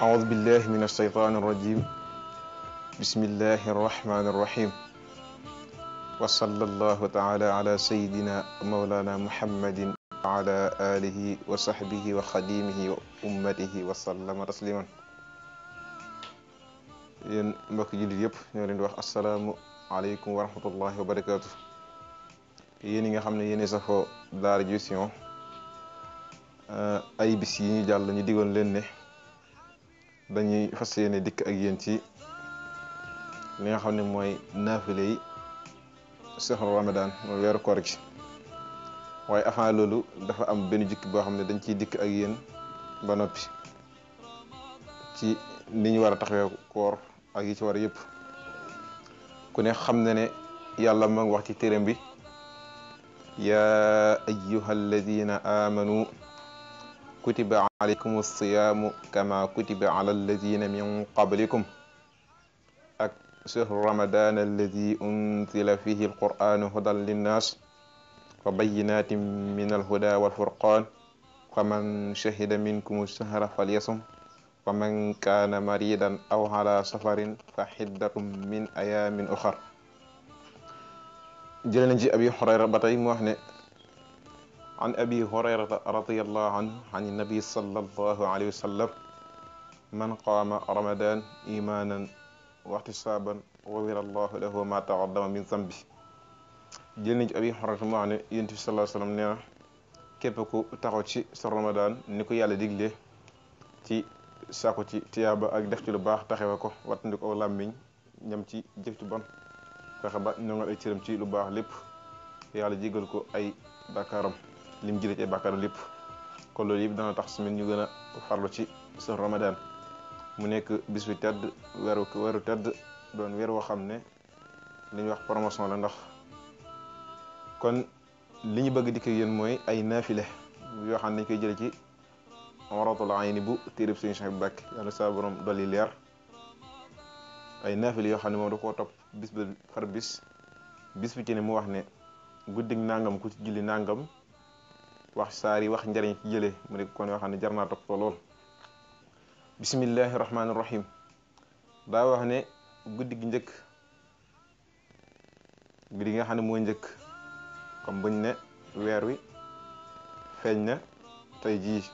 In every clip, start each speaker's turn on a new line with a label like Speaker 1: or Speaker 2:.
Speaker 1: أعوذ بالله من الشيطان الرجيم بسم الله الرحمن الرحيم وصلى الله تعالى على سيدنا مولانا محمد على آله وصحبه وخديمه وأمته وسلم تسليما ين مك جلد يب السلام عليكم ورحمة الله وبركاته ين يعني خمن ين دار جيسيون أي بسيني جالني ديقول لنه dañuy fas ne dikk ak yéen ci li xam ne mooy naafile yi saxru ramadan mooy weeru koor gi waaye avant loolu dafa am benn jukki boo xam ne dañ ciy dikk ak yéen ba noppi ci ni ñu war a taxawee koor ak yi ci war xam na ne yàlla ma ngi wax ci téeram bi yaa amanu كتب عليكم الصيام كما كتب على الذين من قبلكم شهر رمضان الذي أنزل فيه القرآن هدى للناس وبينات من الهدى والفرقان فمن شهد منكم الشهر فليصم ومن كان مريضا أو على سفر فحدة من أيام أخر جلنا جي أبي حرير xurayra ba عن أبي هريرة رضي الله عنه عن النبي صلى الله عليه وسلم من قام رمضان إيمانا واحتسابا غفر الله له ما تقدم من ذنبه جلنج أبي هريرة معنى ينتف صلى الله عليه وسلم نيرا كيبكو تغوتي سر رمضان نكو يالي ديجلي تي ساكوتي تي تيابا أك دفتي لباح تخيوكو واتندوك أولام مين نمتي جفتي بان فخبا نونغا اتشرمتي لباح لب يالي ديجلكو أي دكارم lim jëlee ya, ci bàkkaar lépp kon loolu yëpp dana tax suñu ñu gën a farlu ci sa ramadan mu nekk bis bi tedd weeru weeru tedd doon weer woo xam ne wax promotion la ndax kon li ñu bëgg dikk yéen mooy ay naafile yoo xam ne dañ koy jëlee ci amaratul ayni bu tirib sëñ Cheikh bak yàlla saa borom dolli leer ay naafile yoo xam ne moom da koo bis ba far bis bis bi ci ne mu wax ne guddig nangam ku ci julli nangam wax saari wax njariñ ci jëlee mu nekk kon yoo xam ne jar naa toppatoo lool bismillahi rahmaani rahim daa wax ne guddi gi njëkk bi di nga xam ne moo njëkk comme buñ ne weer wi feeñ na tey jii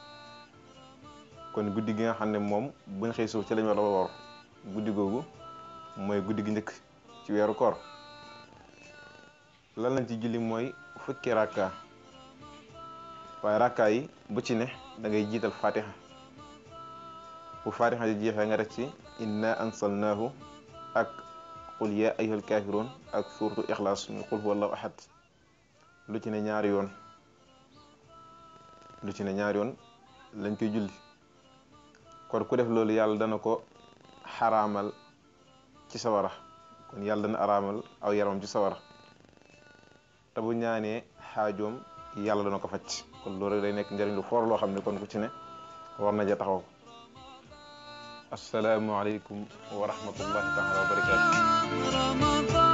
Speaker 1: kon guddi gi nga buñ ci guddi guddi gi ci lan lañ ci julli fukki rakka waaye rakkaa bu ci ne da ngay jiital fatiha bu fatiha di jeexee nga rek ci inna ansalnaahu ak qul yaa ayyuhal ak suuratu ixlaas mi qul huwallahu ahad lu ci ne ñaari yoon lu ci ne ñaari yoon lañ koy julli kon ku def loolu yàlla dana ko xaraamal ci sawara kon yàlla dana araamal aw yaramam ci sawara te bu ñaanee yàlla dana ko faj kon loolu day nekk njëriñ lu foor loo xam ne kon ku ci ne war na ja taxaw asalaamaaleykum wa rahmatullahi taala wa barakatu